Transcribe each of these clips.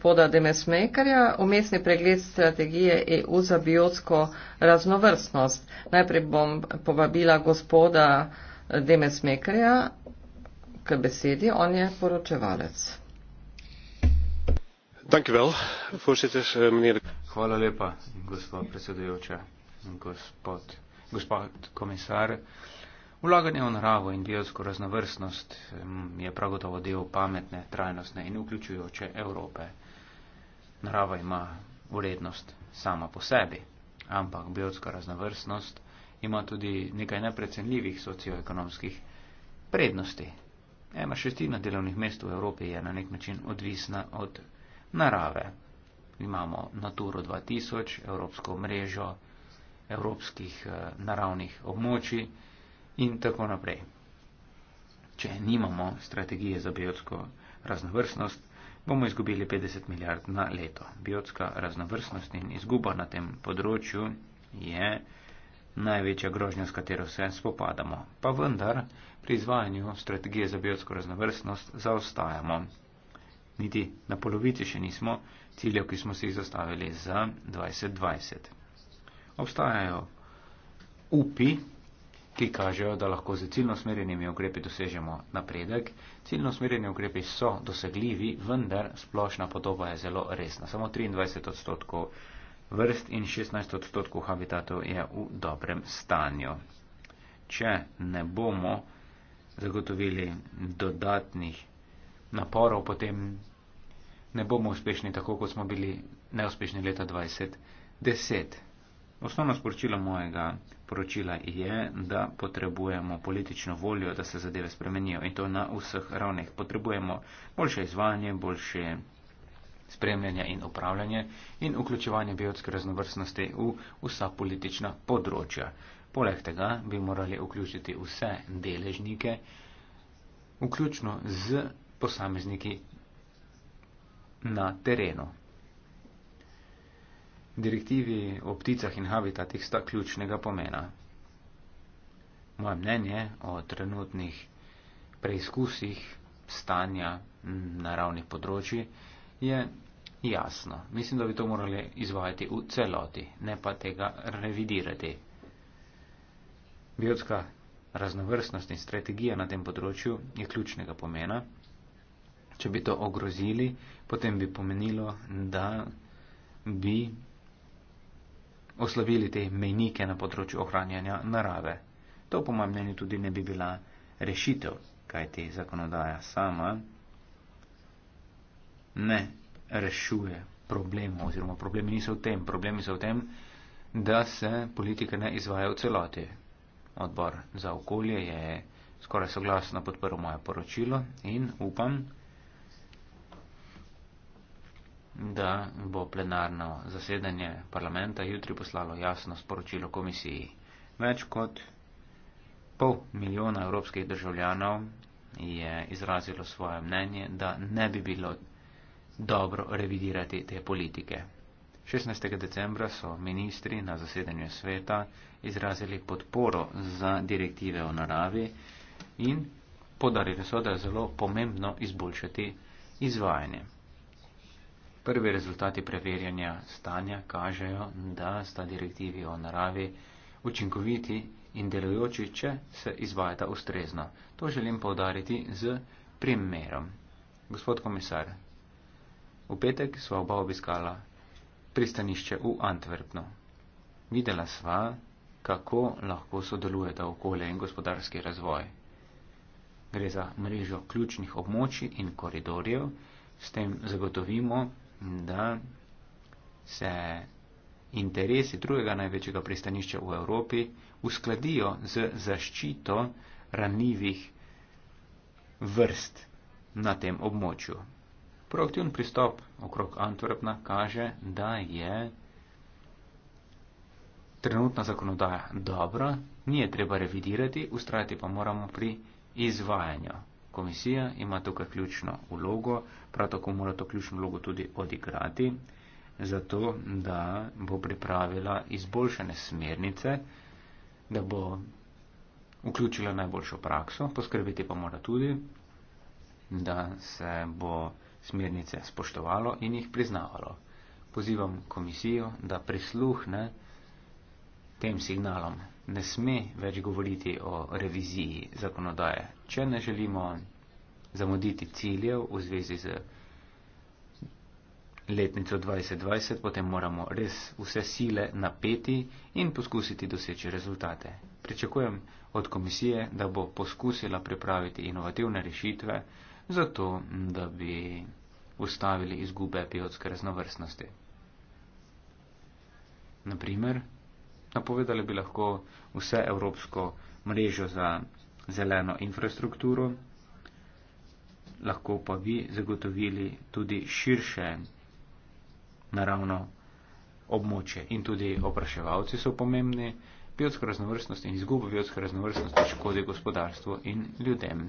gospoda Demesmekarja, umestni pregled strategije EU za biotsko raznovrstnost. Najprej bom povabila gospoda Demesmekarja k besedi, on je poročevalec. Dankjewel, voorzitter, eh, meneer de... Hvala lepa, gospod predsedujoča, gospod, gospod komisar. Vlaganje v naravo in biotsko raznovrstnost je prav gotovo del pametne, trajnostne in vključujoče Evrope narava ima vrednost sama po sebi, ampak biotska raznovrstnost ima tudi nekaj neprecenljivih socioekonomskih prednosti. Ena šestina delovnih mest v Evropi je na nek način odvisna od narave. Imamo Naturo 2000, Evropsko mrežo, Evropskih eh, naravnih območij in tako naprej. Če nimamo strategije za biotsko raznovrstnost, bomo izgubili 50 milijard na leto. Biotska raznovrstnost in izguba na tem področju je največja grožnja, s katero se spopadamo. Pa vendar pri izvajanju strategije za biotsko raznovrstnost zaostajamo. Niti na polovici še nismo ciljev, ki smo si jih zastavili za 2020. Obstajajo upi, ki kažejo, da lahko z ciljno smerjenimi ukrepi dosežemo napredek. Ciljno smerjeni ukrepi so dosegljivi, vendar splošna podoba je zelo resna. Samo 23 odstotkov vrst in 16 odstotkov habitatov je v dobrem stanju. Če ne bomo zagotovili dodatnih naporov, potem ne bomo uspešni tako, kot smo bili neuspešni leta 2010. Osnovno sporočilo mojega poročila je, da potrebujemo politično voljo, da se zadeve spremenijo in to na vseh ravneh. Potrebujemo boljše izvajanje, boljše spremljanje in upravljanje in vključevanje biotske raznovrstnosti v vsa politična področja. Poleg tega bi morali vključiti vse deležnike, vključno z posamezniki na terenu direktivi o pticah in habitatih sta ključnega pomena. Moje mnenje o trenutnih preizkusih stanja naravnih področji je jasno. Mislim, da bi to morali izvajati v celoti, ne pa tega revidirati. Biotska raznovrstnost in strategija na tem področju je ključnega pomena. Če bi to ogrozili, potem bi pomenilo, da bi oslovili te mejnike na področju ohranjanja narave. To po mojem mnenju tudi ne bi bila rešitev, kaj ti zakonodaja sama ne rešuje problemov oziroma problemi niso v tem. Problemi so v tem, da se politike ne izvaja v celoti. Odbor za okolje je skoraj soglasno podprl moje poročilo in upam, da bo plenarno zasedanje parlamenta jutri poslalo jasno sporočilo komisiji. Več kot pol milijona evropskih državljanov je izrazilo svoje mnenje, da ne bi bilo dobro revidirati te politike. 16. decembra so ministri na zasedanju sveta izrazili podporo za direktive o naravi in podarili so, da je zelo pomembno izboljšati izvajanje. Prvi rezultati preverjanja stanja kažejo, da sta direktivi o naravi učinkoviti in delujoči, če se izvajata ustrezno. To želim povdariti z primerom. Gospod komisar, v petek sva oba obiskala pristanišče v Antwerpnu. Videla sva, kako lahko sodelujeta okolje in gospodarski razvoj. Gre za mrežo ključnih območij in koridorjev, s tem zagotovimo da se interesi drugega največjega pristanišča v Evropi uskladijo z zaščito ranljivih vrst na tem območju. Proaktiven pristop okrog Antwerpna kaže, da je trenutna zakonodaja dobra, nije treba revidirati, ustrajati pa moramo pri izvajanju. Komisija ima tukaj ključno vlogo, prav tako mora to ključno vlogo tudi odigrati, zato da bo pripravila izboljšane smernice, da bo vključila najboljšo prakso, poskrbeti pa mora tudi, da se bo smernice spoštovalo in jih priznavalo. Pozivam komisijo, da prisluhne tem signalom ne sme več govoriti o reviziji zakonodaje, če ne želimo zamuditi ciljev v zvezi z letnico 2020, potem moramo res vse sile napeti in poskusiti doseči rezultate. Pričakujem od komisije, da bo poskusila pripraviti inovativne rešitve, zato da bi ustavili izgube biotske raznovrstnosti. Naprimer, napovedali bi lahko vse evropsko mrežo za zeleno infrastrukturo, lahko pa bi zagotovili tudi širše naravno območje in tudi opraševalci so pomembni, biotska raznovrstnost in izguba biotske raznovrstnosti škodi gospodarstvu in ljudem.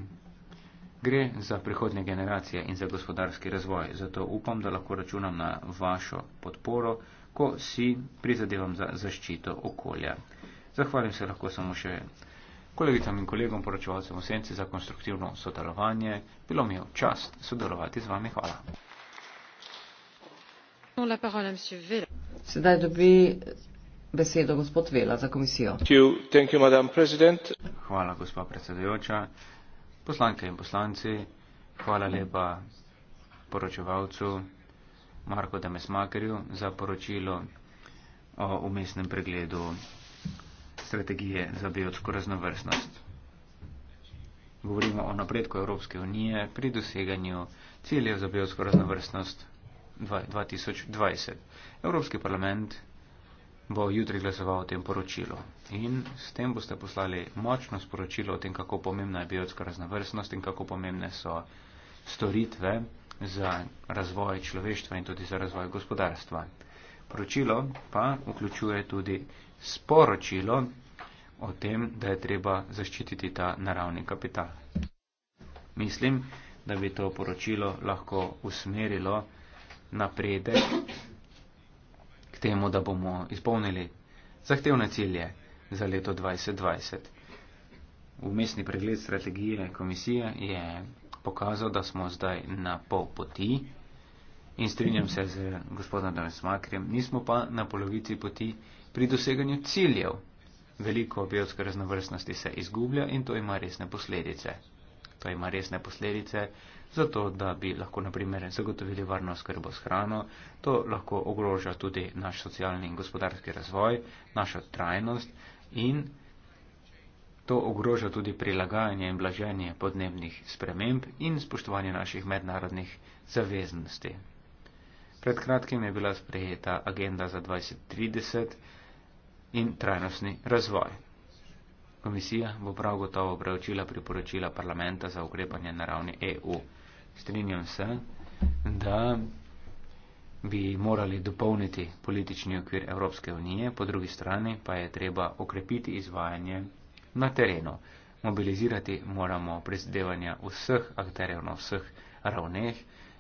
Gre za prihodne generacije in za gospodarski razvoj, zato upam, da lahko računam na vašo podporo, ko si prizadevam za zaščito okolja. Zahvaljujem se lahko samo še kolegicam in kolegom, poročevalcem v Senci za konstruktivno sodelovanje. Bilo mi je čast sodelovati z vami. Hvala. Sedaj dobi besedo gospod Vela za komisijo. Thank you, hvala, gospa predsedujoča. Poslanke in poslanci, hvala lepa poročevalcu Marko Demesmakerju za poročilo o umestnem pregledu strategije za biotsko raznovrstnost. Govorimo o napredku Evropske unije pri doseganju ciljev za biotsko raznovrstnost 2020. Evropski parlament bo jutri glasoval o tem poročilu in s tem boste poslali močno sporočilo o tem, kako pomembna je biotska raznovrstnost in kako pomembne so storitve za razvoj človeštva in tudi za razvoj gospodarstva. Poročilo pa vključuje tudi sporočilo o tem, da je treba zaščititi ta naravni kapital. Mislim, da bi to poročilo lahko usmerilo napredek k temu, da bomo izpolnili zahtevne cilje za leto 2020. Vmesni pregled strategije komisije je pokazal, da smo zdaj na pol poti in strinjam se z gospodom Damesmakrjem, nismo pa na polovici poti pri doseganju ciljev veliko biotske raznovrstnosti se izgublja in to ima resne posledice. To ima resne posledice zato, da bi lahko naprimer zagotovili varno skrbo s hrano, to lahko ogroža tudi naš socialni in gospodarski razvoj, našo trajnost in to ogroža tudi prilagajanje in blaženje podnebnih sprememb in spoštovanje naših mednarodnih zaveznosti. Pred kratkim je bila sprejeta agenda za 2030 in trajnostni razvoj. Komisija bo prav gotovo preučila priporočila parlamenta za ukrepanje na ravni EU. Strinjam se, da bi morali dopolniti politični okvir Evropske unije, po drugi strani pa je treba okrepiti izvajanje na terenu. Mobilizirati moramo prizadevanja vseh akterjev na vseh ravneh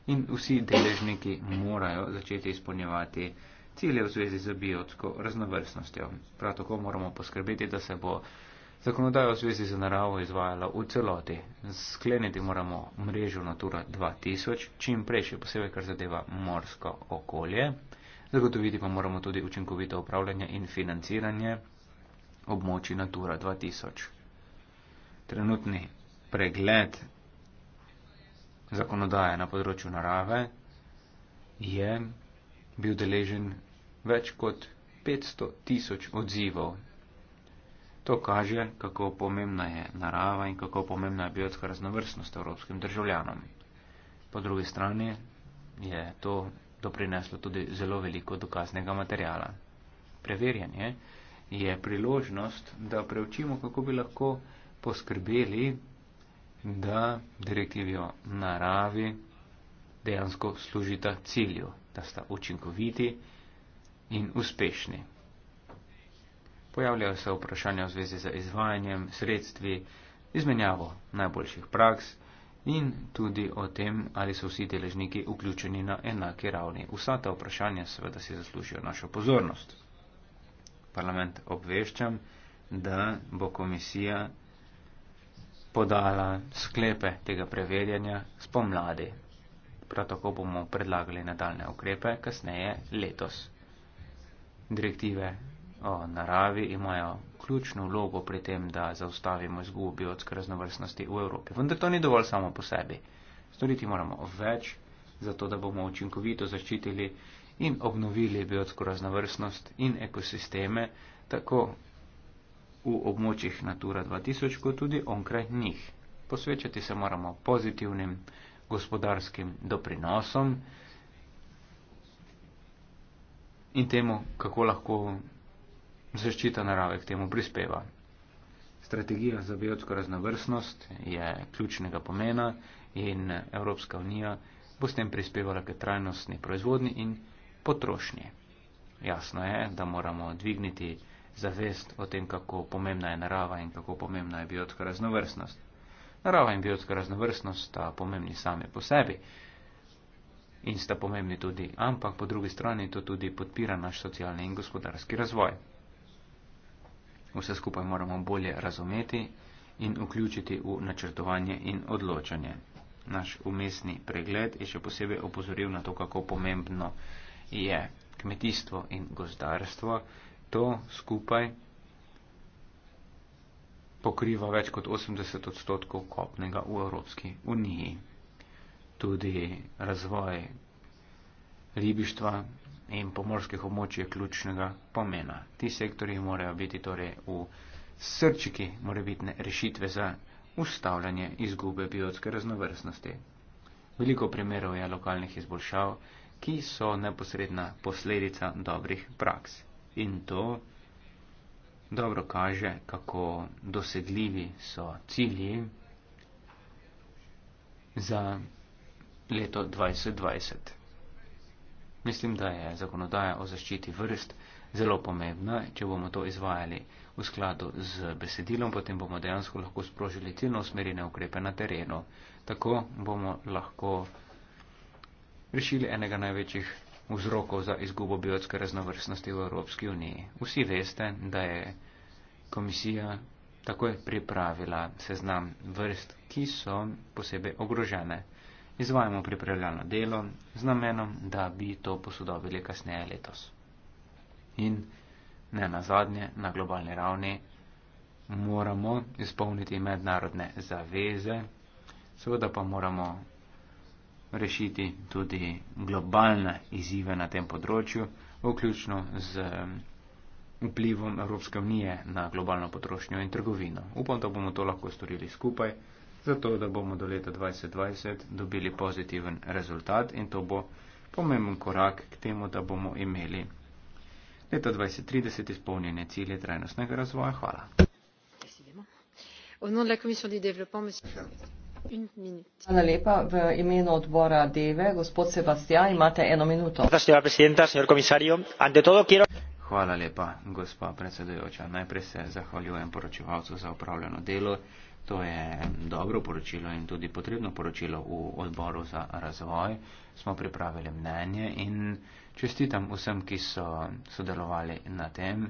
in vsi deležniki morajo začeti izpolnjevati cilje v zvezi z biotsko raznovrstnostjo. Prav tako moramo poskrbeti, da se bo zakonodaja v zvezi z naravo izvajala v celoti. Skleniti moramo mrežo Natura 2000, čim prej, še posebej, kar zadeva morsko okolje. Zagotoviti pa moramo tudi učinkovito upravljanje in financiranje območji Natura 2000. Trenutni pregled zakonodaje na področju narave je bil deležen več kot 500 tisoč odzivov. To kaže, kako pomembna je narava in kako pomembna je biotska raznovrstnost evropskim državljanom. Po drugi strani je to doprineslo tudi zelo veliko dokaznega materijala. Preverjanje je priložnost, da preučimo, kako bi lahko poskrbeli, da direktivijo naravi dejansko služita cilju da sta učinkoviti in uspešni. Pojavljajo se vprašanja v zvezi z izvajanjem, sredstvi, izmenjavo najboljših praks in tudi o tem, ali so vsi deležniki vključeni na enaki ravni. Vsa ta vprašanja seveda si zaslužijo našo pozornost. Parlament obveščam, da bo komisija podala sklepe tega preverjanja spomladi prav tako bomo predlagali nadaljne ukrepe kasneje letos. Direktive o naravi imajo ključno vlogo pri tem, da zaustavimo izgubo biotske raznovrstnosti v Evropi. Vendar to ni dovolj samo po sebi. Storiti moramo več, zato da bomo učinkovito zaščitili in obnovili biotsko raznovrstnost in ekosisteme, tako v območjih Natura 2000, kot tudi onkraj njih. Posvečati se moramo pozitivnim gospodarskim doprinosom in temu, kako lahko zaščita narave k temu prispeva. Strategija za biotsko raznovrstnost je ključnega pomena in Evropska unija bo s tem prispevala k trajnostni proizvodni in potrošnji. Jasno je, da moramo dvigniti zavest o tem, kako pomembna je narava in kako pomembna je biotska raznovrstnost. Narava in biotska raznovrstnost sta pomembni sami po sebi in sta pomembni tudi, ampak po drugi strani to tudi podpira naš socialni in gospodarski razvoj. Vse skupaj moramo bolje razumeti in vključiti v načrtovanje in odločanje. Naš umestni pregled je še posebej opozoril na to, kako pomembno je kmetijstvo in gozdarstvo. To skupaj pokriva več kot 80 odstotkov kopnega v Evropski uniji. Tudi razvoj ribištva in pomorskih območij je ključnega pomena. Ti sektori morajo biti torej v srčiki morebitne rešitve za ustavljanje izgube biotske raznovrstnosti. Veliko primerov je lokalnih izboljšav, ki so neposredna posledica dobrih praks. In to dobro kaže, kako dosedljivi so cilji za leto 2020. Mislim, da je zakonodaja o zaščiti vrst zelo pomembna. Če bomo to izvajali v skladu z besedilom, potem bomo dejansko lahko sprožili ciljno usmerjene ukrepe na terenu. Tako bomo lahko rešili enega največjih vzrokov za izgubo biotske raznovrstnosti v Evropski uniji. Vsi veste, da je komisija tako je pripravila seznam vrst, ki so posebej ogrožene. Izvajamo pripravljeno delo z namenom, da bi to posodobili kasneje letos. In ne na zadnje, na globalni ravni moramo izpolniti mednarodne zaveze, seveda pa moramo rešiti tudi globalne izzive na tem področju, vključno z um, vplivom Evropske unije na globalno potrošnjo in trgovino. Upam, da bomo to lahko storili skupaj, zato da bomo do leta 2020 dobili pozitiven rezultat in to bo pomemben korak k temu, da bomo imeli leta 2030 izpolnjene cilje trajnostnega razvoja. Hvala. Au nom de la Commission du développement, monsieur le Président. Hvala lepa, gospa predsedujoča. Najprej se zahvaljujem poročevalcu za upravljeno delo. To je dobro poročilo in tudi potrebno poročilo v odboru za razvoj. Smo pripravili mnenje in čestitam vsem, ki so sodelovali na tem.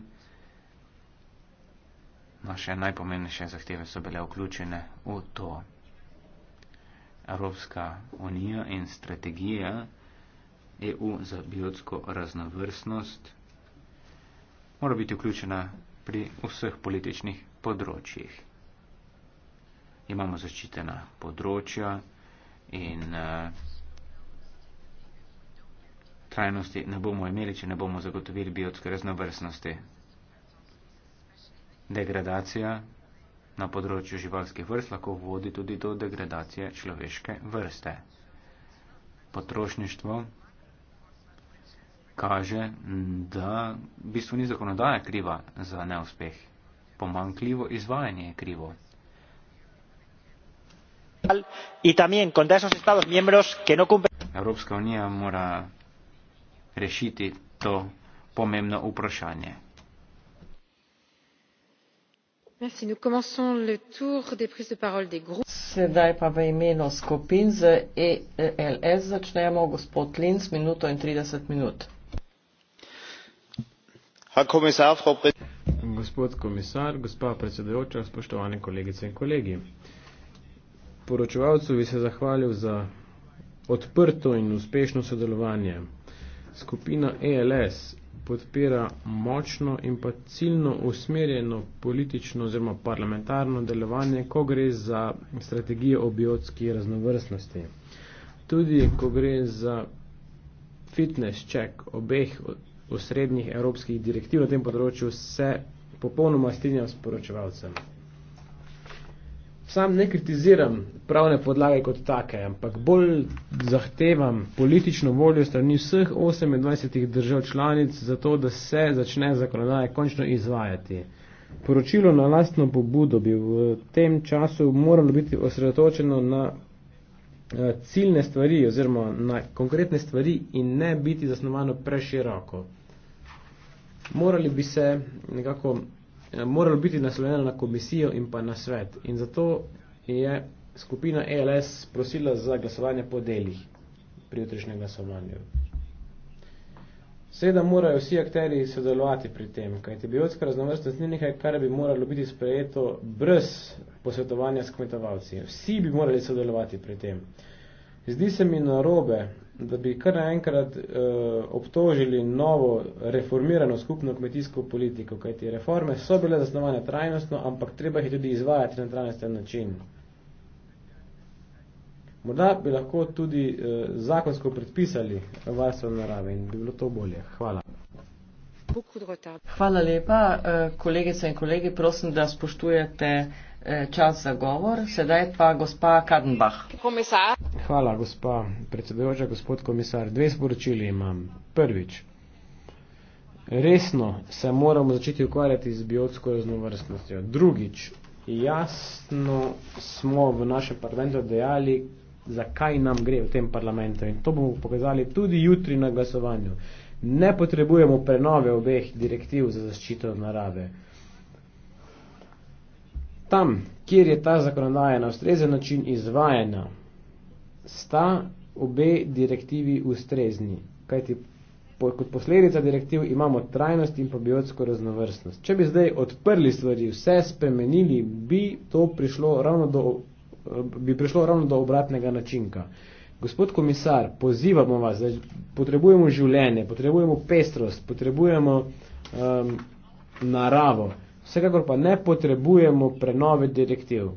Naše najpomembnejše zahteve so bile vključene v to Evropska unija in strategija EU za biotsko raznovrstnost mora biti vključena pri vseh političnih področjih. Imamo zaščitena področja in uh, trajnosti ne bomo imeli, če ne bomo zagotovili biotske raznovrstnosti. Degradacija na področju živalskih vrst lahko vodi tudi do degradacije človeške vrste. Potrošništvo kaže, da v bistvu ni zakonodaja kriva za neuspeh. Pomankljivo izvajanje je krivo. No Evropska unija mora rešiti to pomembno vprašanje nous commençons le tour des prises de parole des groupes. Sedaj pa v imenu skupin z ELS začnemo gospod Linz, minuto in 30 minut. Gospod komisar, gospa predsedujoča, spoštovane kolegice in kolegi. Poročevalcu bi se zahvalil za odprto in uspešno sodelovanje. Skupina ELS podpira močno in pa ciljno usmerjeno politično oziroma parlamentarno delovanje, ko gre za strategijo o biotski raznovrstnosti. Tudi ko gre za fitness check obeh osrednjih evropskih direktiv na tem področju, se popolnoma strinjam s poročevalcem. Sam ne kritiziram pravne podlage kot take, ampak bolj zahtevam politično voljo strani vseh 28 držav članic za to, da se začne zakonodaje končno izvajati. Poročilo na lastno pobudo bi v tem času moralo biti osredotočeno na eh, ciljne stvari oziroma na konkretne stvari in ne biti zasnovano preširoko. Morali bi se nekako Eh, moralo biti naslovljeno na komisijo in pa na svet. In zato je skupina ELS prosila za glasovanje po delih pri jutrišnjem glasovanju. Seveda morajo vsi akteri sodelovati pri tem, kajti biotska raznovrstnost ni nekaj, kar bi moralo biti sprejeto brez posvetovanja s kmetovalci. Vsi bi morali sodelovati pri tem. Zdi se mi narobe, da bi kar naenkrat e, obtožili novo reformirano skupno kmetijsko politiko, kajti reforme so bile zasnovane trajnostno, ampak treba jih tudi izvajati na trajnosten način. Morda bi lahko tudi e, zakonsko predpisali varstvo narave in bi bilo to bolje. Hvala. Hvala lepa, eh, kolegice in kolegi, prosim, da spoštujete Eh, čas za govor. Sedaj pa gospa Kadenbach. Komisar. Hvala, gospa predsedujoča, gospod komisar. Dve sporočili imam. Prvič. Resno se moramo začeti ukvarjati z biotsko raznovrstnostjo. Drugič, jasno smo v našem parlamentu dejali, zakaj nam gre v tem parlamentu in to bomo pokazali tudi jutri na glasovanju. Ne potrebujemo prenove obeh direktiv za zaščito narave tam, kjer je ta zakonodaja na ustrezen način izvajena, sta obe direktivi ustrezni. Kajti po, kot posledica direktiv imamo trajnost in pobiotsko raznovrstnost. Če bi zdaj odprli stvari, vse spremenili, bi to prišlo ravno do, bi prišlo ravno do obratnega načinka. Gospod komisar, pozivamo vas, da potrebujemo življenje, potrebujemo pestrost, potrebujemo um, naravo. Vsekakor pa ne potrebujemo prenove direktiv.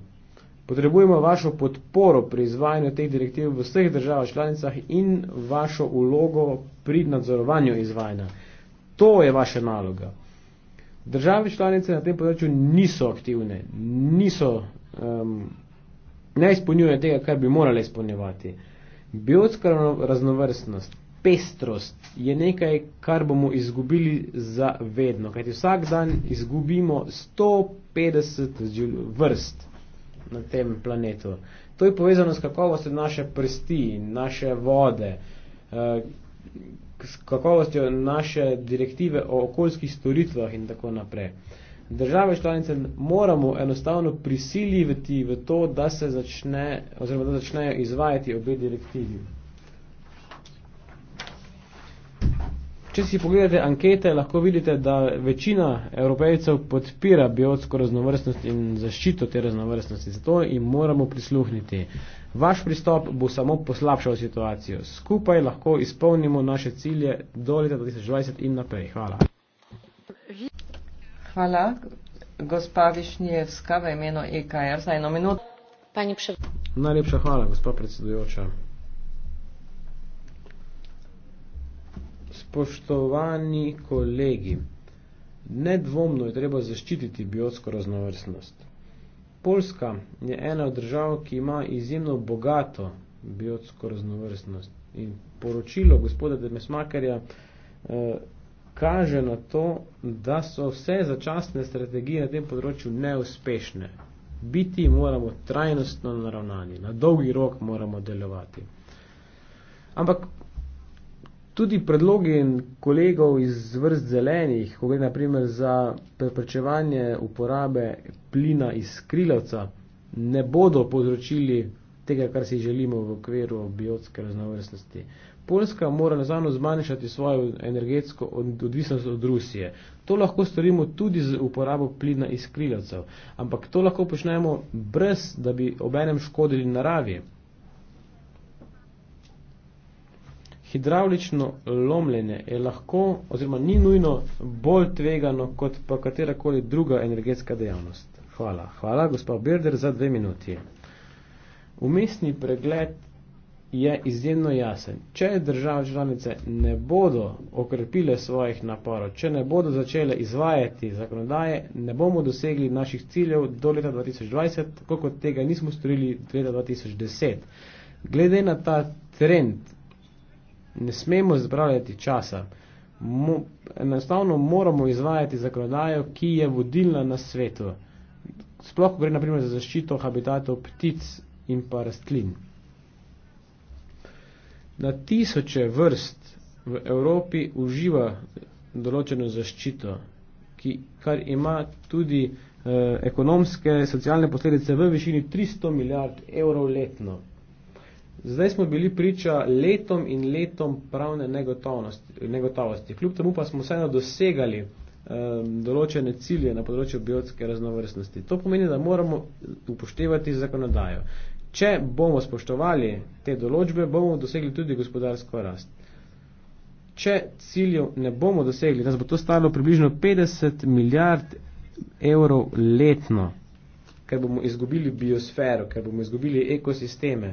Potrebujemo vašo podporo pri izvajanju teh direktiv v vseh državah članicah in vašo ulogo pri nadzorovanju izvajanja. To je vaša naloga. Države članice na tem področju niso aktivne, niso, um, ne izpolnjujejo tega, kar bi morale izpolnjevati. Uh, Biotska raznovrstnost, pestrost je nekaj, kar bomo izgubili za vedno, kajti vsak dan izgubimo 150 vrst na tem planetu. To je povezano s kakovostjo naše prsti, naše vode, eh, s kakovostjo naše direktive o okoljskih storitvah in tako naprej države članice moramo enostavno prisiljiti v to, da se začne, oziroma da začnejo izvajati obe direktivi. Če si pogledate ankete, lahko vidite, da večina evropejcev podpira biotsko raznovrstnost in zaščito te raznovrstnosti, zato jim moramo prisluhniti. Vaš pristop bo samo poslabšal situacijo. Skupaj lahko izpolnimo naše cilje do leta 2020 in naprej. Hvala. Hvala. Gospa Višnjevska v imenu EKR za eno minuto. Najlepša hvala, gospa predsedujoča. Spoštovani kolegi, nedvomno je treba zaščititi biotsko raznovrstnost. Poljska je ena od držav, ki ima izjemno bogato biotsko raznovrstnost. In poročilo gospoda Demesmakerja eh, kaže na to, da so vse začasne strategije na tem področju neuspešne. Biti moramo trajnostno naravnani, na dolgi rok moramo delovati. Ampak tudi predlogi kolegov iz vrst zelenih, ko gre naprimer za preprečevanje uporabe plina iz skrilavca, ne bodo povzročili tega, kar si želimo v okviru biotske raznovrstnosti. Poljska mora nazavno zmanjšati svojo energetsko odvisnost od Rusije. To lahko storimo tudi z uporabo plina iz krilacev, ampak to lahko počnemo brez, da bi obenem škodili naravi. Hidravlično lomljenje je lahko oziroma ni nujno bolj tvegano kot pa katerakoli druga energetska dejavnost. Hvala. Hvala, gospod Birder, za dve minuti. Umestni pregled je izjemno jasen. Če države članice ne bodo okrepile svojih naporov, če ne bodo začele izvajati zakonodaje, ne bomo dosegli naših ciljev do leta 2020, tako kot tega nismo storili do leta 2010. Glede na ta trend, ne smemo zbravljati časa. Enostavno Mo, moramo izvajati zakonodajo, ki je vodilna na svetu. Sploh, ko gre naprimer za zaščito habitatov ptic in pa rastlin. Na tisoče vrst v Evropi uživa določeno zaščito, ki, kar ima tudi eh, ekonomske, socialne posledice v višini 300 milijard evrov letno. Zdaj smo bili priča letom in letom pravne negotovosti. Kljub temu pa smo vseeno dosegali eh, določene cilje na področju biotske raznovrstnosti. To pomeni, da moramo upoštevati zakonodajo. Če bomo spoštovali te določbe, bomo dosegli tudi gospodarsko rast. Če ciljev ne bomo dosegli, nas bo to stalo približno 50 milijard evrov letno, ker bomo izgubili biosfero, ker bomo izgubili ekosisteme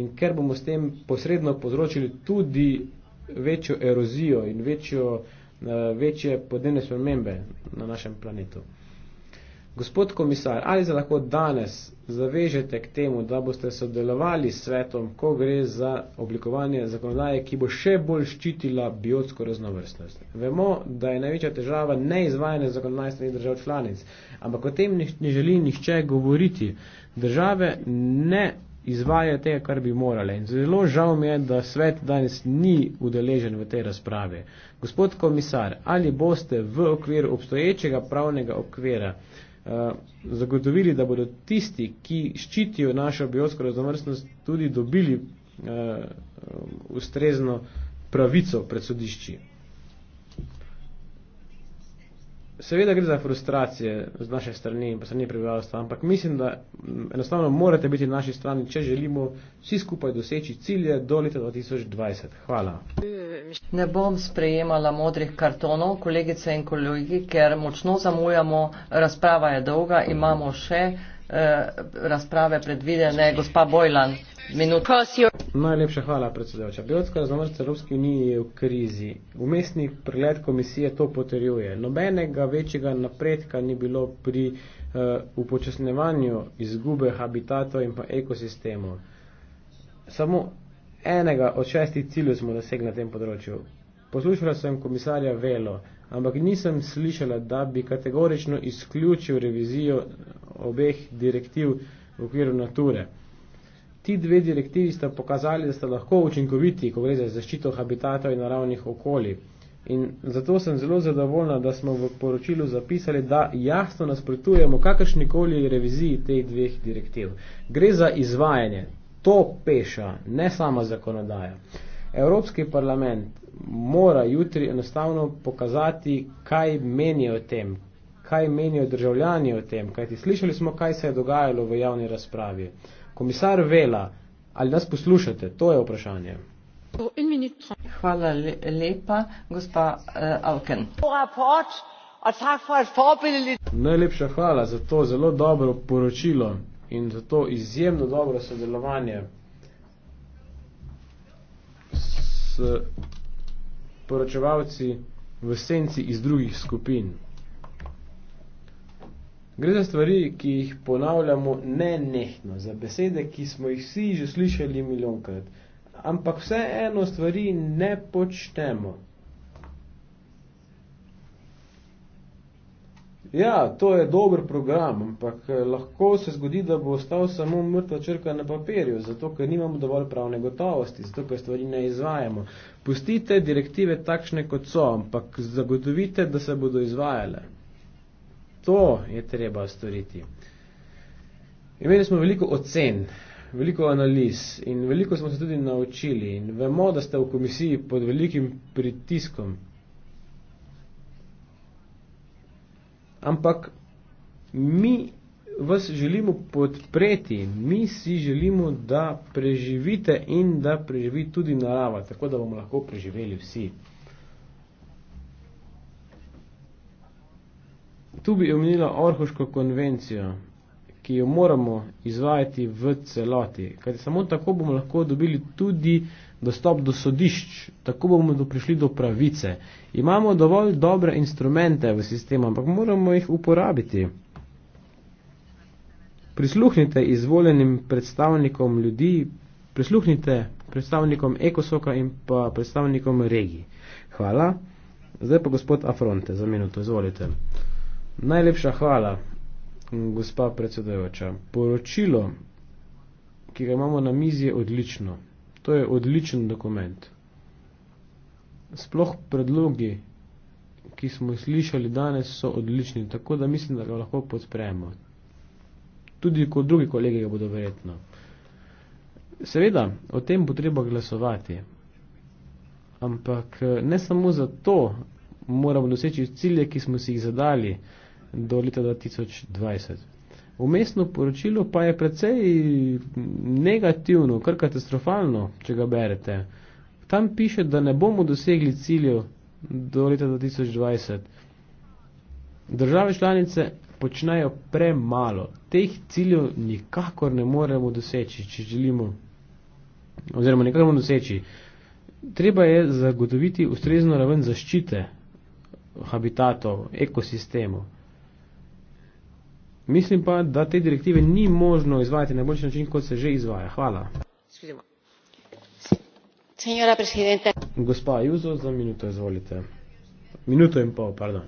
in ker bomo s tem posredno povzročili tudi večjo erozijo in večjo, eh, večje podnebne spremembe na našem planetu. Gospod komisar, ali se lahko danes zavežete k temu, da boste sodelovali s svetom, ko gre za oblikovanje zakonodaje, ki bo še bolj ščitila biotsko raznovrstnost? Vemo, da je največja težava neizvajanje zakonodaje strani držav članic, ampak o tem ne želi nihče govoriti. Države ne izvajajo tega, kar bi morale. In zelo žal mi je, da svet danes ni udeležen v tej razpravi. Gospod komisar, ali boste v okviru obstoječega pravnega okvira Eh, zagotovili, da bodo tisti, ki ščitijo našo biotsko raznovrstnost, tudi dobili eh, ustrezno pravico pred sodišči. Seveda gre za frustracije z naše strani in pa strani prebivalstva, ampak mislim, da enostavno morate biti na naši strani, če želimo vsi skupaj doseči cilje do leta 2020. Hvala. Ne bom sprejemala modrih kartonov, kolegice in kolegi, ker močno zamujamo, razprava je dolga, imamo še eh, razprave predvidene. Gospa Bojlan, Najlepša hvala, predsedujoča. Biotska raznovrstnost Evropske unije je v krizi. Umestni pregled komisije to potrjuje. Nobenega večjega napredka ni bilo pri uh, eh, upočasnevanju izgube habitatov in pa ekosistemov. Samo enega od šestih ciljev smo dosegli na tem področju. Poslušala sem komisarja Velo, ampak nisem slišala, da bi kategorično izključil revizijo obeh direktiv v okviru nature. Ti dve direktivi sta pokazali, da sta lahko učinkoviti, ko gre za zaščito habitatov in naravnih okolij. In zato sem zelo zadovoljna, da smo v poročilu zapisali, da jasno nasprotujemo kakršnikoli reviziji teh dveh direktiv. Gre za izvajanje, to peša, ne sama zakonodaja. Evropski parlament mora jutri enostavno pokazati, kaj menijo o tem, kaj menijo državljani o tem, kajti slišali smo, kaj se je dogajalo v javni razpravi. Komisar Vela, ali nas poslušate? To je vprašanje. Hvala lepa, gospa uh, eh, Alken. Najlepša hvala za to zelo dobro poročilo in za to izjemno dobro sodelovanje s poročevalci v senci iz drugih skupin. Gre za stvari, ki jih ponavljamo nenehno, za besede, ki smo jih vsi že slišali milijonkrat. Ampak vse eno stvari ne počnemo. Ja, to je dober program, ampak eh, lahko se zgodi, da bo ostal samo mrtva črka na papirju, zato ker nimamo dovolj pravne gotovosti, zato ker stvari ne izvajamo. Pustite direktive takšne, kot so, ampak zagotovite, da se bodo izvajale. To je treba storiti. Imeli smo veliko ocen, veliko analiz in veliko smo se tudi naučili in vemo, da ste v komisiji pod velikim pritiskom. Ampak mi vas želimo podpreti, mi si želimo, da preživite in da preživi tudi narava, tako da bomo lahko preživeli vsi. Tu bi omenila Orhoško konvencijo, ki jo moramo izvajati v celoti, kajti samo tako bomo lahko dobili tudi dostop do sodišč, tako bomo do prišli do pravice. Imamo dovolj dobre instrumente v sistemu, ampak moramo jih uporabiti. Prisluhnite izvoljenim predstavnikom ljudi, prisluhnite predstavnikom Ekosoka in pa predstavnikom regij. Hvala. Zdaj pa gospod Afronte za minuto, izvolite. Najlepša hvala, gospa predsedajoča. Poročilo, ki ga imamo na mizi, je odlično. To je odličen dokument. Sploh predlogi, ki smo jih slišali danes, so odlični, tako da mislim, da ga lahko podpremo. Tudi kot drugi kolegi ga bodo verjetno. Seveda, o tem bo treba glasovati. Ampak eh, ne samo zato moramo doseči cilje, ki smo si jih zadali do leta 2020. Umestno poročilo pa je precej negativno, kar katastrofalno, če ga berete. Tam piše, da ne bomo dosegli ciljev do leta 2020. Države članice počnejo premalo. Teh ciljev nikakor ne moremo doseči, če želimo. Oziroma, nekaj moramo doseči. Treba je zagotoviti ustrezno raven zaščite habitatov, ekosistemov. Mislim pa, da te direktive ni možno izvajati na boljši način, kot se že izvaja. Hvala. Gospa Juzo, za minuto izvolite. Minuto in pol, pardon.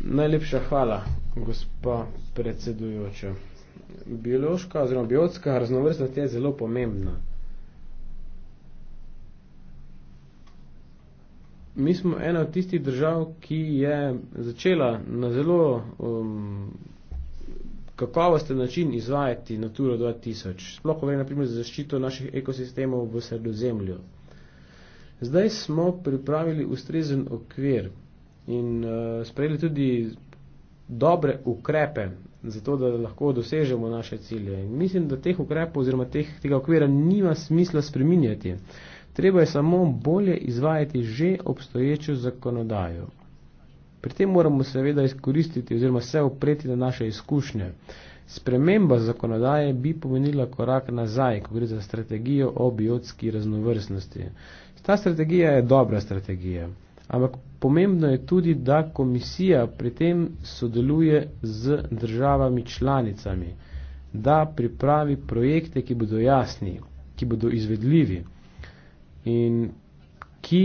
Najlepša hvala, gospa predsedujoča. Biološka oziroma biotska raznovrstnost je zelo pomembna. Mi smo ena od tistih držav, ki je začela na zelo um, kakovosten način izvajati Naturo 2000. Sploh, ko gre naprimer za zaščito naših ekosistemov v sredozemlju. Zdaj smo pripravili ustrezen okvir in uh, sprejeli tudi dobre ukrepe, zato da lahko dosežemo naše cilje. In mislim, da teh ukrepov oziroma teh, tega okvira nima smisla spreminjati. Treba je samo bolje izvajati že obstoječo zakonodajo. Pri tem moramo seveda izkoristiti oziroma se opreti na naše izkušnje. Sprememba zakonodaje bi pomenila korak nazaj, ko gre za strategijo o biotski raznovrstnosti. Ta strategija je dobra strategija, ampak pomembno je tudi, da komisija pri tem sodeluje z državami članicami, da pripravi projekte, ki bodo jasni, ki bodo izvedljivi in ki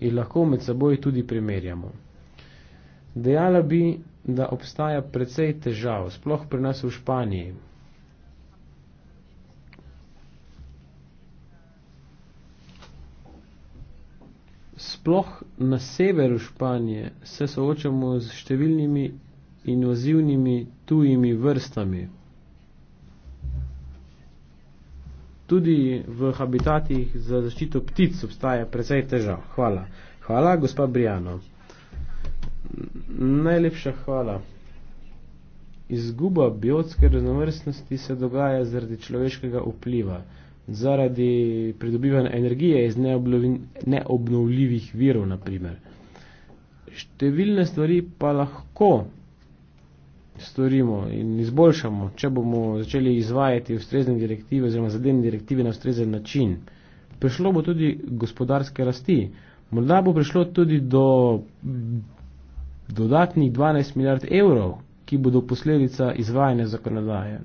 jih lahko med seboj tudi primerjamo. Dejala bi, da obstaja precej težav, sploh pri nas v Španiji. Sploh na severu Španije se soočamo z številnimi invazivnimi tujimi vrstami. Tudi v habitatih za zaščito ptic obstaja precej težav. Hvala. Hvala, gospa Briano. Najlepša hvala. Izguba biotske raznovrstnosti se dogaja zaradi človeškega vpliva, zaradi pridobivanja energije iz neobnovljivih virov, naprimer. Številne stvari pa lahko storimo in izboljšamo, če bomo začeli izvajati ustrezne direktive oziroma zadevne direktive na ustrezen način. Prišlo bo tudi gospodarske rasti, morda bo prišlo tudi do dodatnih 12 milijard evrov, ki bodo posledica izvajanja zakonodaje.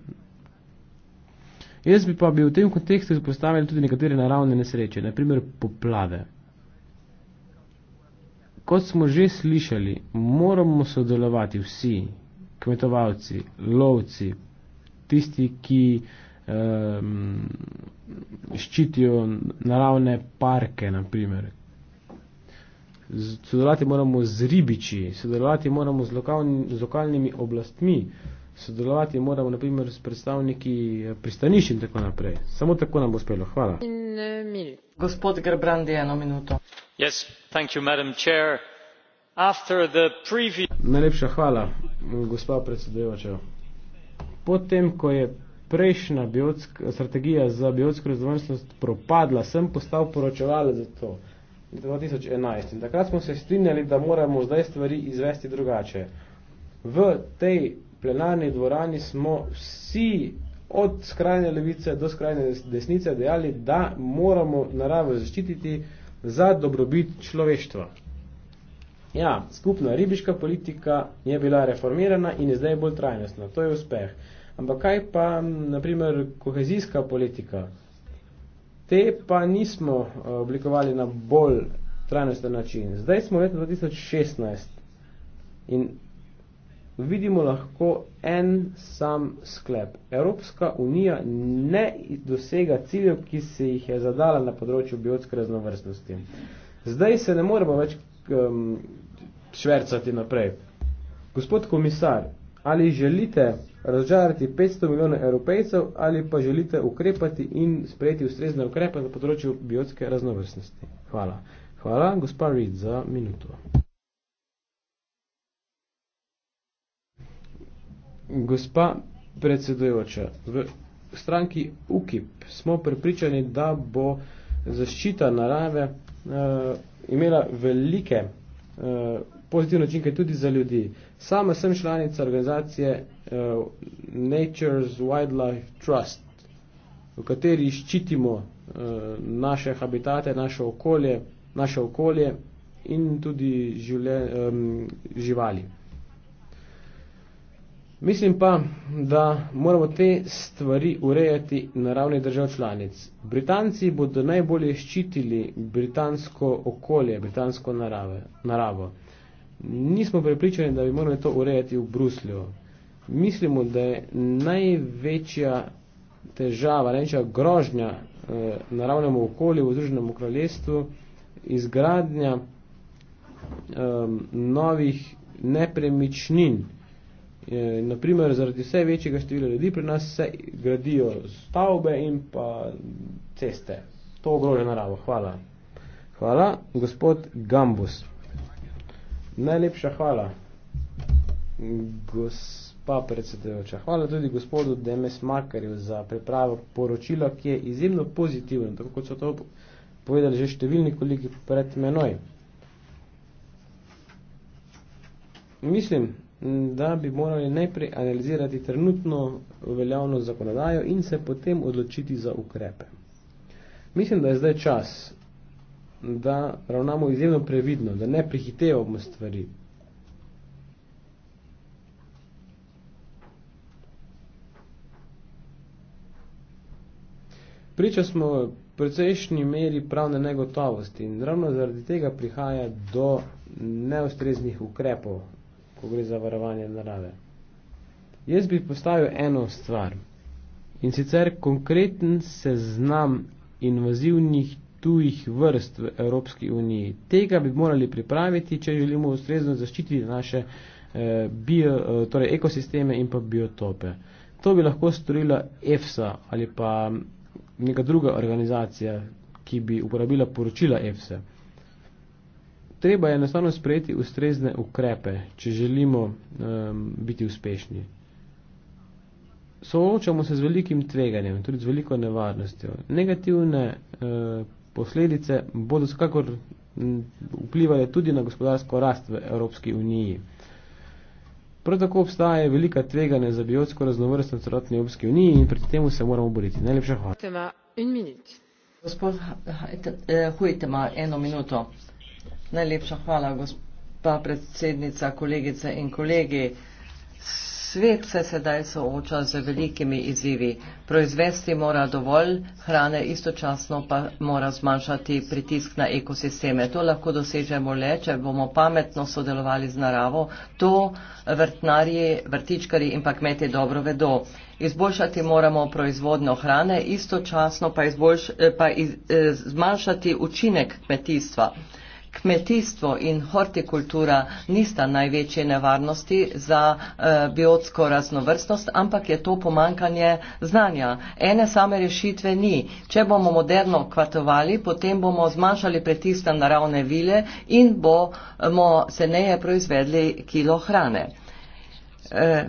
Jaz bi pa bi v tem kontekstu izpostavili tudi nekatere naravne nesreče, naprimer poplave. Kot smo že slišali, moramo sodelovati vsi, kmetovalci, lovci, tisti, ki um, ščitijo naravne parke, naprimer, sodelovati moramo z ribiči, sodelovati moramo z, lokalni, z lokalnimi oblastmi, sodelovati moramo naprimer s predstavniki eh, pristanišč in tako naprej. Samo tako nam bo uspelo. Hvala. In eh, mil. Gospod Grbrandi, eno minuto. Yes, thank you, madam chair. After the previous. Najlepša hvala, gospod predsedujoča. Potem, ko je prejšnja biotska, strategija za biotsko raznovrstnost propadla, sem postal poročevalec za to. 2011. In takrat smo se strinjali, da moramo zdaj stvari izvesti drugače. V tej plenarni dvorani smo vsi od skrajne levice do skrajne desnice dejali, da moramo naravo zaščititi za dobrobit človeštva. Ja, skupna ribiška politika je bila reformirana in je zdaj bolj trajnostna. To je uspeh. Ampak kaj pa, naprimer, kohezijska politika? Te pa nismo eh, oblikovali na bolj trajnosten način. Zdaj smo v letu 2016 in vidimo lahko en sam sklep. Evropska unija ne dosega ciljev, ki se jih je zadala na področju biotske raznovrstnosti. Zdaj se ne moremo več um, švercati naprej. Gospod komisar, ali želite razžariti 500 milijonov evropejcev ali pa želite ukrepati in sprejeti ustrezne ukrepe na področju biotske raznovrstnosti. Hvala. Hvala, gospa Reed, za minuto. Gospa predsedujoča, v stranki UKIP smo prepričani, da bo zaščita narave uh, imela velike uh, pozitivne učinke tudi za ljudi. Sama sem članica organizacije uh, Nature's Wildlife Trust, v kateri ščitimo uh, naše habitate, naše okolje, naše okolje in tudi žive, um, živali. Mislim pa, da moramo te stvari urejati na ravni držav članic. Britanci bodo najbolje ščitili britansko okolje, britansko narave, naravo nismo prepričani, da bi morali to urejati v Bruslju. Mislimo, da je največja težava, največja grožnja eh, naravnemu okolju v Združenem kraljestvu izgradnja eh, novih nepremičnin. Eh, naprimer, zaradi vse večjega števila ljudi pri nas se gradijo stavbe in pa ceste. To ogrože naravo. Hvala. Hvala, gospod Gambus. Najlepša hvala, gospa predsedujoča. Hvala tudi gospodu Demes Markarju za pripravo poročila, ki je izjemno pozitivno, tako kot so to povedali že številni kolegi pred menoj. Mislim, da bi morali najprej analizirati trenutno uveljavno zakonodajo in se potem odločiti za ukrepe. Mislim, da je zdaj čas, da ravnamo izjemno previdno, da ne prihitevamo stvari. Priča smo v precejšnji meri pravne negotovosti in ravno zaradi tega prihaja do neustreznih ukrepov, ko gre za varovanje narave. Jaz bi postavil eno stvar in sicer konkreten seznam invazivnih tujih vrst v Evropski uniji. Tega bi morali pripraviti, če želimo ustrezno zaščititi naše eh, bio, eh, torej ekosisteme in pa biotope. To bi lahko storila EFSA ali pa neka druga organizacija, ki bi uporabila poročila EFSA. Treba je enostavno sprejeti ustrezne ukrepe, če želimo um, biti uspešni. Soočamo se z velikim tveganjem, tudi z veliko nevarnostjo. Negativne uh, posledice bodo vsekakor vplivale tudi na gospodarsko rast v Evropski uniji. Prav tako obstaja velika tveganja za biotsko raznovrstnost v celotni Evropski uniji in pred tem se moramo boriti. Najlepša hvala. Hujte ima eno minuto. Hujte ima eh, eno minuto. Najlepša hvala, gospa predsednica, kolegice in kolegi. Svet se sedaj sooča z velikimi izzivi. Proizvesti mora dovolj hrane, istočasno pa mora zmanjšati pritisk na ekosisteme. To lahko dosežemo le, če bomo pametno sodelovali z naravo. To vrtnarji, vrtičkari in pa kmeti dobro vedo. Izboljšati moramo proizvodno hrane, istočasno pa, izboljš, pa iz, eh, zmanjšati učinek kmetijstva kmetijstvo in hortikultura nista največje nevarnosti za eh, biotsko raznovrstnost, ampak je to pomankanje znanja. Ene same rešitve ni. Če bomo moderno kvatovali, potem bomo zmanjšali pritiska naravne vile in bomo se neje proizvedli kilo hrane. Eh,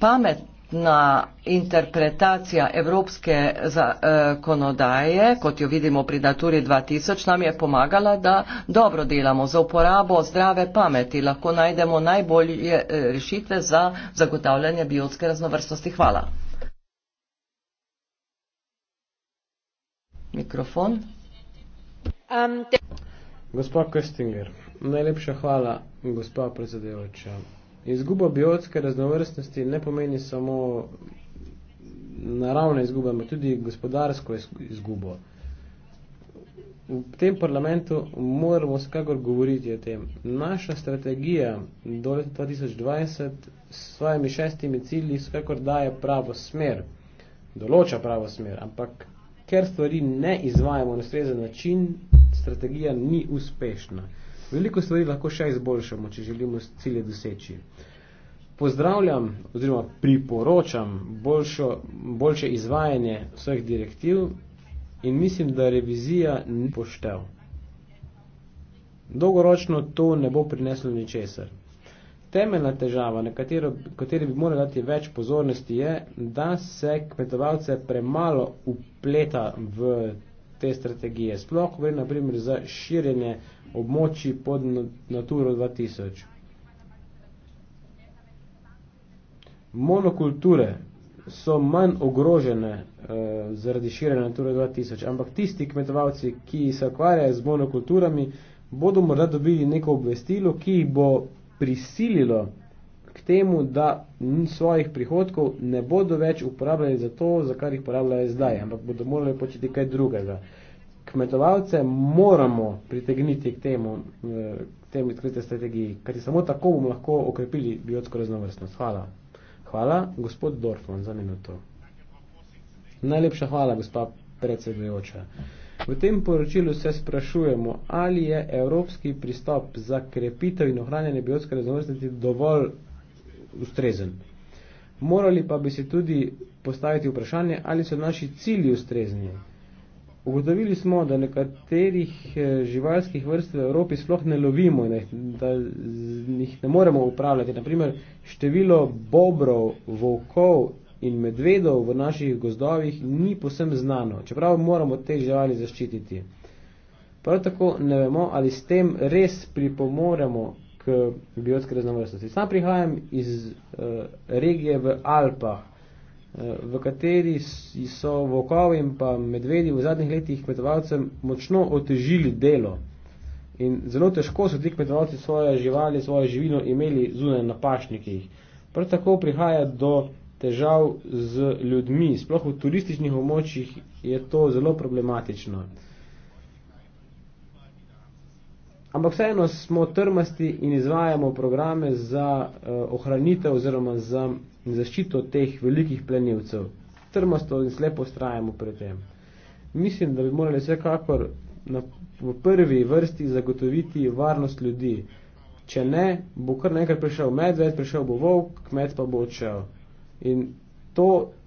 pamet celotna interpretacija evropske zakonodaje, eh, kot jo vidimo pri Naturi 2000, nam je pomagala, da dobro delamo za uporabo zdrave pameti. Lahko najdemo najbolje eh, rešitve za zagotavljanje biotske raznovrstnosti. Hvala. Mikrofon. Um, te... Gospa Köstinger, najlepša hvala, gospa predsedujoča. Izguba biotske raznovrstnosti ne pomeni samo naravne izgube, ampak tudi gospodarsko izgubo. V tem parlamentu moramo skakor govoriti o tem. Naša strategija do leta 2020 s svojimi šestimi cilji skakor daje pravo smer, določa pravo smer, ampak ker stvari ne izvajamo na ustrezen način, strategija ni uspešna. Veliko stvari lahko še izboljšamo, če želimo cilje doseči. Pozdravljam oziroma priporočam boljšo, boljše izvajanje vseh direktiv in mislim, da revizija ni poštev. Dolgoročno to ne bo prineslo ničesar. Temeljna težava, na katero, kateri bi morali dati več pozornosti, je, da se kmetovalce premalo upleta v te strategije. Sploh gre naprimer za širjenje območij pod Naturo 2000. Monokulture so manj ogrožene uh, zaradi širjenja Natura 2000, ampak tisti kmetovalci, ki se ukvarjajo z monokulturami, bodo morda dobili neko obvestilo, ki jih bo prisililo temu, da svojih prihodkov ne bodo več uporabljali za to, za kar jih uporabljajo zdaj, ampak bodo morali početi kaj drugega. Kmetovalce moramo pritegniti k temu, eh, k temu skrite strategiji, kajti samo tako bomo lahko okrepili biotsko raznovrstnost. Hvala. Hvala, gospod Dorfman, za minuto. Najlepša hvala, gospa predsedujoča. V tem poročilu se sprašujemo, ali je evropski pristop za krepitev in ohranjanje biotske raznovrstnosti dovolj ustrezen. Morali pa bi se tudi postaviti vprašanje, ali so naši cilji ustrezni. Ugotovili smo, da nekaterih eh, živalskih vrst v Evropi sploh ne lovimo in da jih ne moremo upravljati. Naprimer, število bobrov, volkov in medvedov v naših gozdovih ni posem znano, čeprav moramo te živali zaščititi. Prav tako ne vemo, ali s tem res pripomoremo biotske raznovrstnosti. Sam prihajam iz uh, regije v Alpah, uh, v kateri so vokovi in pa medvedi v zadnjih letih kmetovalcem močno otežili delo. In zelo težko so ti kmetovalci svoje živali, svoje živino imeli zunaj na pašnikih. Prav tako prihaja do težav z ljudmi. Sploh v turističnih območjih je to zelo problematično. Uh, ampak vseeno smo trmasti in izvajamo programe za uh, ohranitev oziroma za zaščito teh velikih plenilcev. Trmasto in slepo strajamo pri tem. Mislim, da bi morali vsekakor na, v prvi vrsti zagotoviti varnost ljudi. Če ne, bo kar nekaj prišel medved, prišel bo volk, kmet pa bo odšel. In to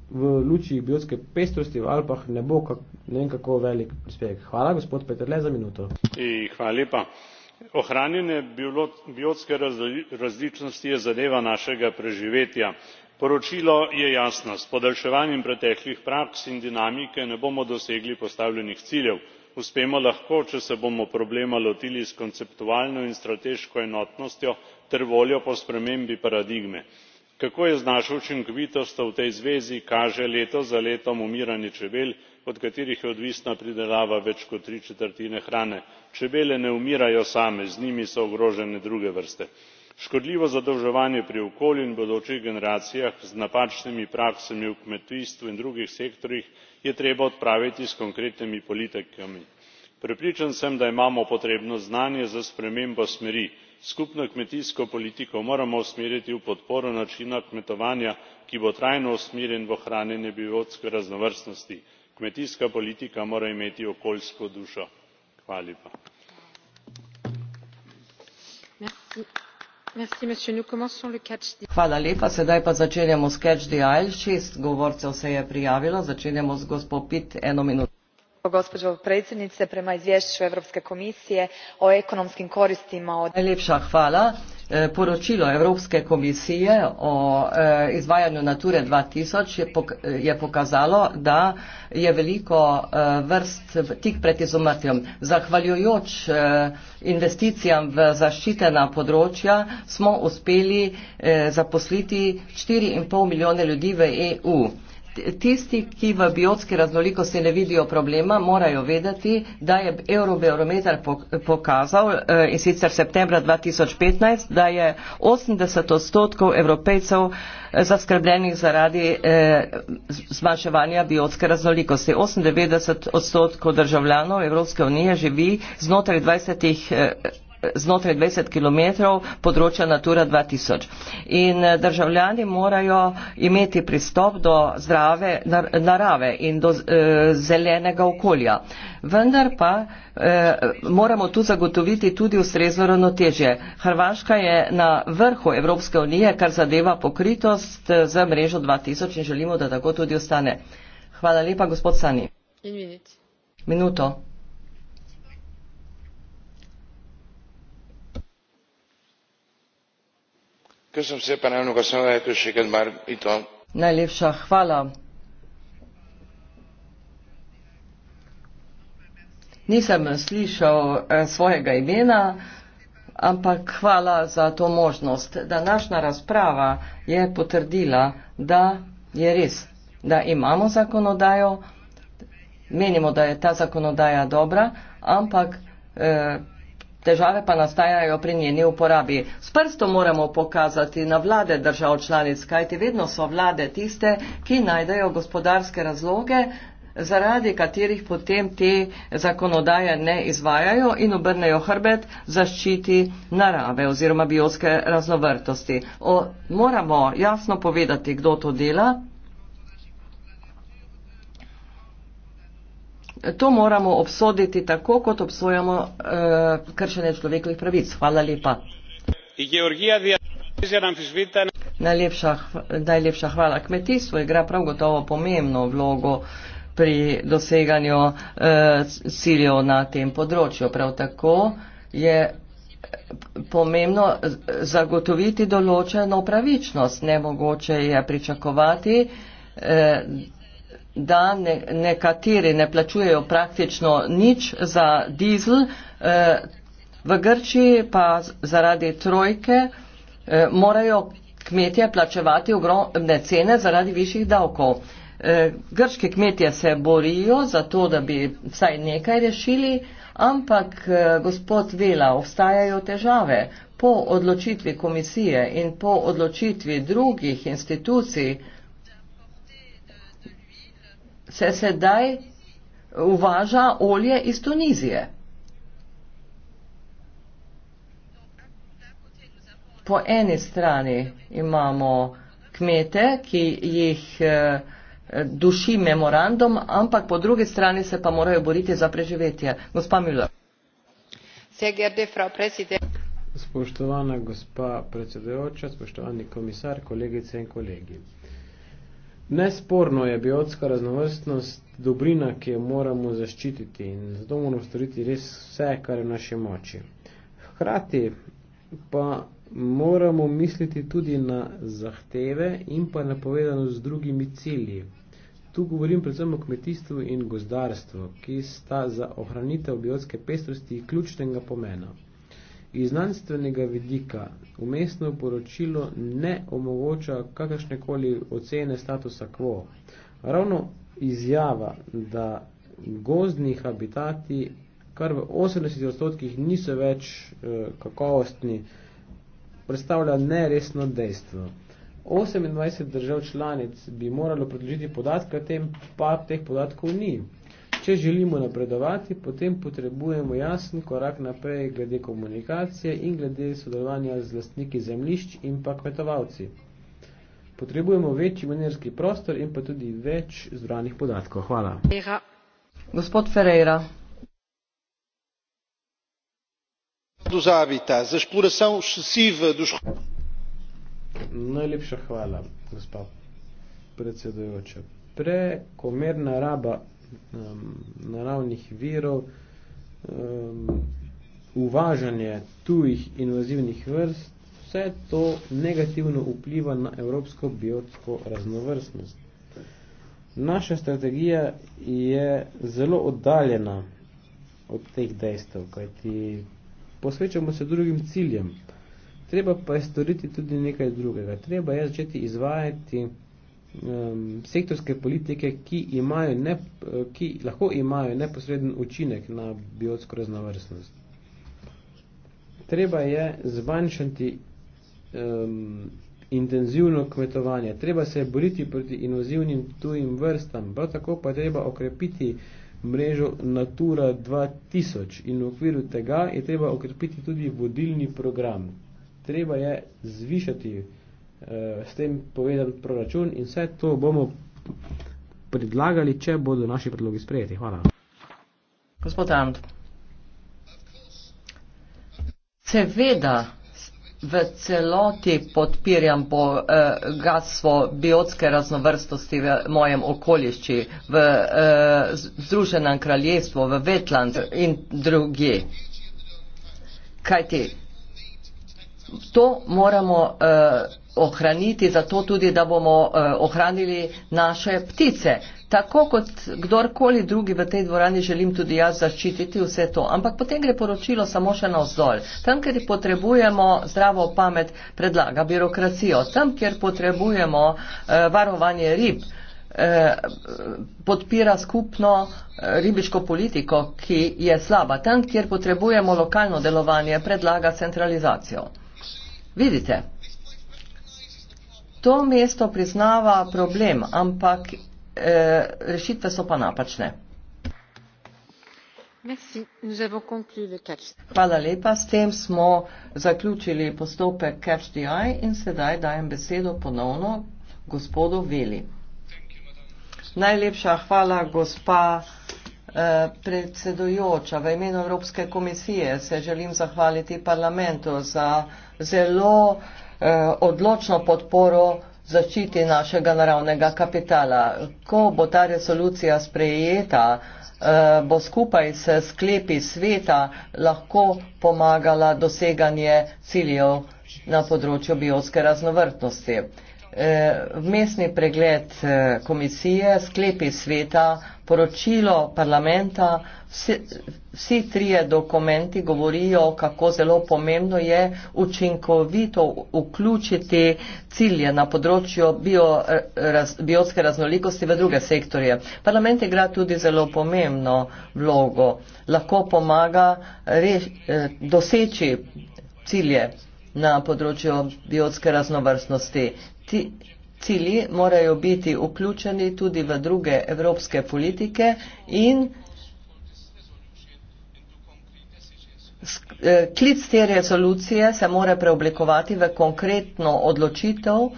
v luči biotske pestrosti v Alpah ne bo kak, ne vem kako velik prispevek. Hvala gospod Peter, le za minuto. I, e, hvala lepa ohranjanje biotske različnosti je zadeva našega preživetja. poročilo je jasno s podaljševanjem preteklih praks in dinamike ne bomo dosegli postavljenih ciljev. uspemo lahko če se bomo problema lotili s konceptualno in strateško enotnostjo ter voljo po spremembi paradigme. kako je z našo učinkovitostjo v tej zvezi kaže leto za letom umiranje čebel od katerih je odvisna pridelava več kot tri četrtine hrane. čebele ne umirajo same z njimi so ogrožene druge vrste. škodljivo zadolževanje pri okolju in bodočih generacijah z napačnimi praksami v kmetijstvu in drugih sektorjih je treba odpraviti s konkretnimi politikami. prepričan sem da imamo potrebno znanje za spremembo smeri. skupno kmetijsko politiko moramo usmeriti v podporo načina kmetovanja ki bo trajno usmerjen v ohranjanje biotske raznovrstnosti kmetijska politika mora imeti okoljsko dušo. hvala lepa. sedaj pa začenjamo s catch the eye šest govorcev se je prijavilo začenjamo z gospo pitt eno minuto. gospođo predsjednice prema izvješću europske komisije o ekonomskim koristima od. najlepša hvala. Eh, poročilo Evropske komisije o eh, izvajanju Nature 2000 je pokazalo, da je veliko eh, vrst tik pred izumrtjem. Zahvaljujoč investicijam v zaščitena področja smo uspeli zaposliti 4,5 milijone ljudi v EU tisti, ki v biotski raznolikosti ne vidijo problema, morajo vedeti, da je eurobiometar pokazal eh, in sicer septembra 2015, da je 80 odstotkov evropejcev eh, zaskrbljenih zaradi eh, zmanjševanja biotske raznolikosti. 98 odstotkov državljanov Evropske unije živi znotraj 20 znotraj 20 km področja Natura 2000. In eh, državljani morajo imeti pristop do zdrave narave in do eh, zelenega okolja. Vendar pa eh, moramo tu zagotoviti tudi ustrezno ravnotežje. Hrvaška je na vrhu Evropske unije, kar zadeva pokritost z mrežo 2000 in želimo, da tako tudi ostane. Hvala lepa, gospod Sani. Minuto. najlepša hvala nisem slišal eh, svojega imena ampak hvala za to možnost današnja razprava je potrdila da je res da imamo zakonodajo menimo da je ta zakonodaja dobra ampak eh, Težave pa nastajajo pri njeni uporabi. S prstom moramo pokazati na vlade držav članic, kajti vedno so vlade tiste, ki najdejo gospodarske razloge, zaradi katerih potem te zakonodaje ne izvajajo in obrnejo hrbet zaščiti narave oziroma biotske raznovrtosti. O, moramo jasno povedati, kdo to dela. to moramo obsoditi tako, kot obsojamo uh, eh, kršene človekovih pravic. Hvala lepa. Najlepša, najlepša hvala. Kmetijstvo igra prav gotovo pomembno vlogo pri doseganju uh, ciljev na tem področju. Prav tako je eh, pomembno zagotoviti določeno pravičnost. Nemogoče je pričakovati. Uh, da ne, nekateri ne plačujejo praktično nič za dizel, eh, v Grčiji pa zaradi trojke eh, morajo kmetje plačevati ogromne cene zaradi višjih davkov. Eh, grški kmetje se borijo za to, da bi vsaj nekaj rešili, ampak gospod Vela, obstajajo težave. Po odločitvi komisije in po odločitvi drugih institucij, se sedaj uvaža olje iz Tunizije. Po eni strani imamo kmete, ki jih eh, duši memorandum, ampak po drugi strani se pa morajo boriti za preživetje. Gospa Müller. Spoštovana gospa predsedujoča, spoštovani komisar, kolegice in kolegi. Nesporno je biotska raznovrstnost dobrina, ki jo moramo zaščititi in zato moramo storiti res vse, kar je v naši moči. Hkrati pa moramo misliti tudi na zahteve in pa na povedano z drugimi cilji. Tu govorim predvsem o kmetijstvu in gozdarstvu, ki sta za ohranitev biotske pestrosti ključnega pomena. Iz znanstvenega vidika Umestno poročilo ne omogoča kakršnekoli ocene statusa quo. Ravno izjava, da gozdni habitati kar v 80 odstotkih niso več eh, kakovostni, predstavlja neresno dejstvo. 28 držav članic bi moralo predložiti podatke o tem, pa teh podatkov ni. Če želimo napredovati, potem potrebujemo jasen korak naprej glede komunikacije in glede sodelovanja z lastniki zemljišč in pa kmetovalci. Potrebujemo večji manjerski prostor in pa tudi več zbranih podatkov. Hvala. Ferreira. Gospod Ferreira. Dos habitats, a exploração excessiva dos. Najlepša hvala, gospod predsedujoča. Prekomerna raba um, naravnih virov, um, uvažanje tujih invazivnih vrst, vse to negativno vpliva na evropsko biotsko raznovrstnost. Naša strategija je zelo oddaljena od teh dejstev, kajti posvečamo se drugim ciljem. Treba pa je storiti tudi nekaj drugega. Treba je začeti izvajati um, sektorske politike, ki, imajo ne, ki lahko imajo neposreden učinek na biotsko raznovrstnost. Treba je zmanjšati um, intenzivno kmetovanje, treba se boriti proti invazivnim tujim vrstam, prav tako pa treba okrepiti mrežo Natura 2000 in v okviru tega je treba okrepiti tudi vodilni program. Treba je zvišati uh, Eh, s tem povedan proračun in vse to bomo predlagali, če bodo naši predlogi sprejeti. Hvala. Gospod Amt. Seveda v celoti podpirjam bogatstvo eh, biotske raznovrstosti v mojem okolišči, v eh, Združenem kraljestvu, v Vetland in druge. Kaj ti? to moramo uh, ohraniti, zato tudi, da bomo uh, ohranili naše ptice. Tako kot kdorkoli drugi v tej dvorani želim tudi jaz zaščititi vse to. Ampak potem gre poročilo samo še na vzdolj. Tam, kjer potrebujemo zdravo pamet, predlaga birokracijo. Tam, kjer potrebujemo uh, varovanje rib, podpira skupno ribiško politiko, ki je slaba. Tam, kjer potrebujemo lokalno delovanje, predlaga centralizacijo. Vidite, to mesto priznava problem, ampak eh, rešitve so pa napačne. Hvala lepa, s tem smo zaključili postopek CAPTI in sedaj dajem besedo ponovno gospodu Veli. Najlepša hvala, gospa. Eh, predsedujoča, v imenu Evropske komisije se želim zahvaliti parlamentu za zelo eh, odločno podporo zaščiti našega naravnega kapitala. Ko bo ta resolucija sprejeta, eh, bo skupaj s sklepi sveta lahko pomagala doseganje ciljev na področju biotske raznovrtnosti. Eh, vmesni pregled eh, komisije, sklepi sveta, poročilo parlamenta, vsi, vsi trije dokumenti govorijo, kako zelo pomembno je učinkovito vključiti cilje na področju bio, eh, raz, biotske raznolikosti v druge sektorje. Parlament igra tudi zelo pomembno vlogo, lahko pomaga reš, doseči cilje na področju biotske raznovrstnosti ti cilji morajo biti vključeni tudi v druge evropske politike in eh, klic te resolucije se mora preoblikovati v konkretno odločitev,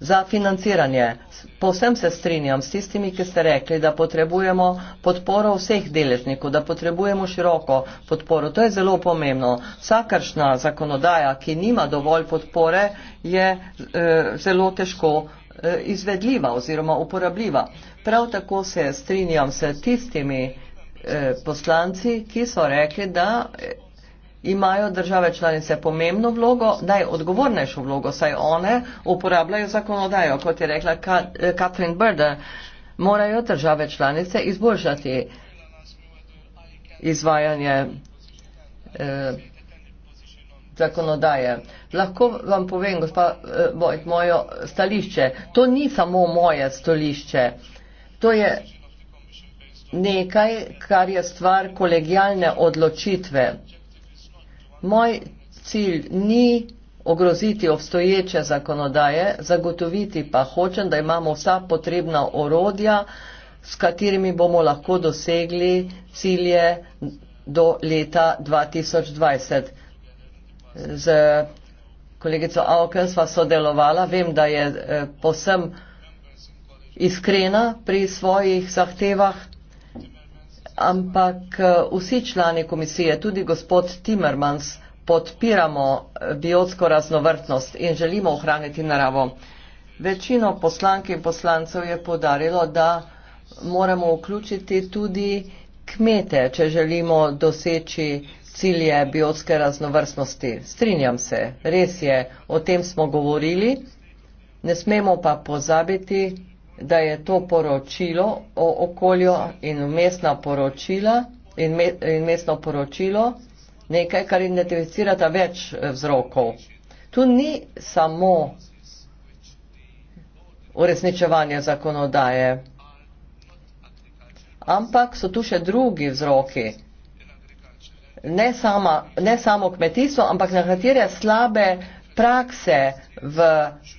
Za financiranje. Povsem se strinjam s tistimi, ki ste rekli, da potrebujemo podporo vseh deležnikov, da potrebujemo široko podporo. To je zelo pomembno. Vsakršna zakonodaja, ki nima dovolj podpore, je eh, zelo težko eh, izvedljiva oziroma uporabljiva. Prav tako se strinjam s tistimi eh, poslanci, ki so rekli, da. Eh, imajo države članice pomembno vlogo, da je odgovornejšo vlogo, saj one uporabljajo zakonodajo, kot je rekla Katrin eh, Brda, morajo države članice izboljšati izvajanje eh, zakonodaje. Lahko vam povem, gospa eh, Vojt, eh, mojo stališče. To ni samo moje stališče. To je nekaj, kar je stvar kolegijalne odločitve. Moj cilj ni ogroziti obstoječe zakonodaje, zagotoviti pa hočem, da imamo vsa potrebna orodja, s katerimi bomo lahko dosegli cilje do leta 2020. Z kolegico Auken sva sodelovala, vem, da je eh, posem iskrena pri svojih zahtevah ampak eh, vsi člani komisije, tudi gospod Timmermans, podpiramo eh, biotsko raznovrtnost in želimo ohraniti naravo. Večino poslank in poslancev je podarilo, da moramo vključiti tudi kmete, če želimo doseči cilje biotske raznovrstnosti. Strinjam se, res je, o tem smo govorili, ne smemo pa pozabiti da je to poročilo o okolju in mestna poročila in, me, in mestno poročilo nekaj, kar identificirata več eh, vzrokov. Tu ni samo uresničevanje zakonodaje, ampak so tu še drugi vzroki. Ne, sama, ne samo kmetijstvo, ampak na katere slabe prakse v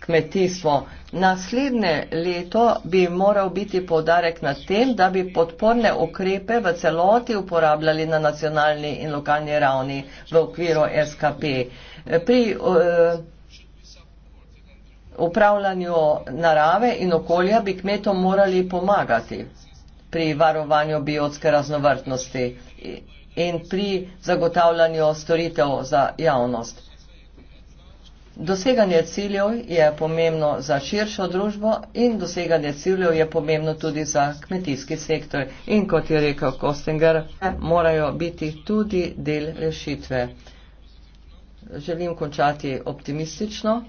kmetijstvo. Naslednje leto bi moral biti podarek na tem, da bi podporne ukrepe v celoti uporabljali na nacionalni in lokalni ravni v okviru SKP. Pri uh, upravljanju narave in okolja bi kmetom morali pomagati pri varovanju biotske raznovrtnosti in pri zagotavljanju storitev za javnost. Doseganje ciljev je pomembno za širšo družbo in doseganje ciljev je pomembno tudi za kmetijski sektor. In kot je rekel Kostinger, morajo biti tudi del rešitve. Želim končati optimistično.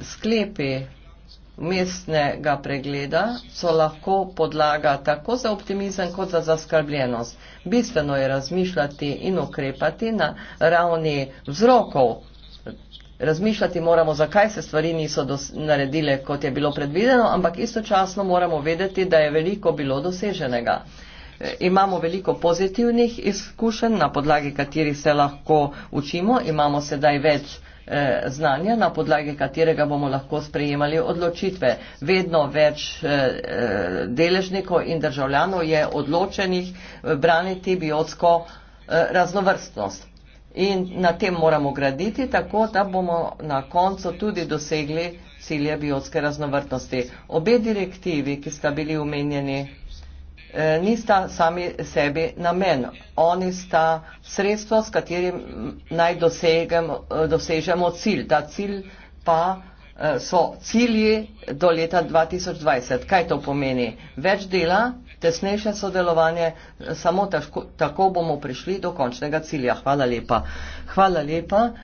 Sklepi mestnega pregleda so lahko podlaga tako za optimizem kot za zaskrbljenost. Bistveno je razmišljati in ukrepati na ravni vzrokov. Razmišljati moramo, zakaj se stvari niso naredile, kot je bilo predvideno, ampak istočasno moramo vedeti, da je veliko bilo doseženega. E, imamo veliko pozitivnih izkušenj, na podlagi katerih se lahko učimo, imamo sedaj več Eh, znanja, na podlagi katerega bomo lahko sprejemali odločitve. Vedno več eh, eh, deležnikov in državljanov je odločenih braniti biotsko raznovrstnost. In na tem moramo graditi, tako da bomo na koncu tudi dosegli cilje biotske raznovrtnosti. Obe direktivi, ki sta bili omenjeni E, nista sami sebi namen, oni sta sredstvo, s katerim naj dosežemo cilj. Ta cilj pa e, so cilji do leta 2020. Kaj to pomeni? Več dela, tesnejše sodelovanje, samo tako bomo prišli do končnega cilja. Hvala lepa. Hvala lepa.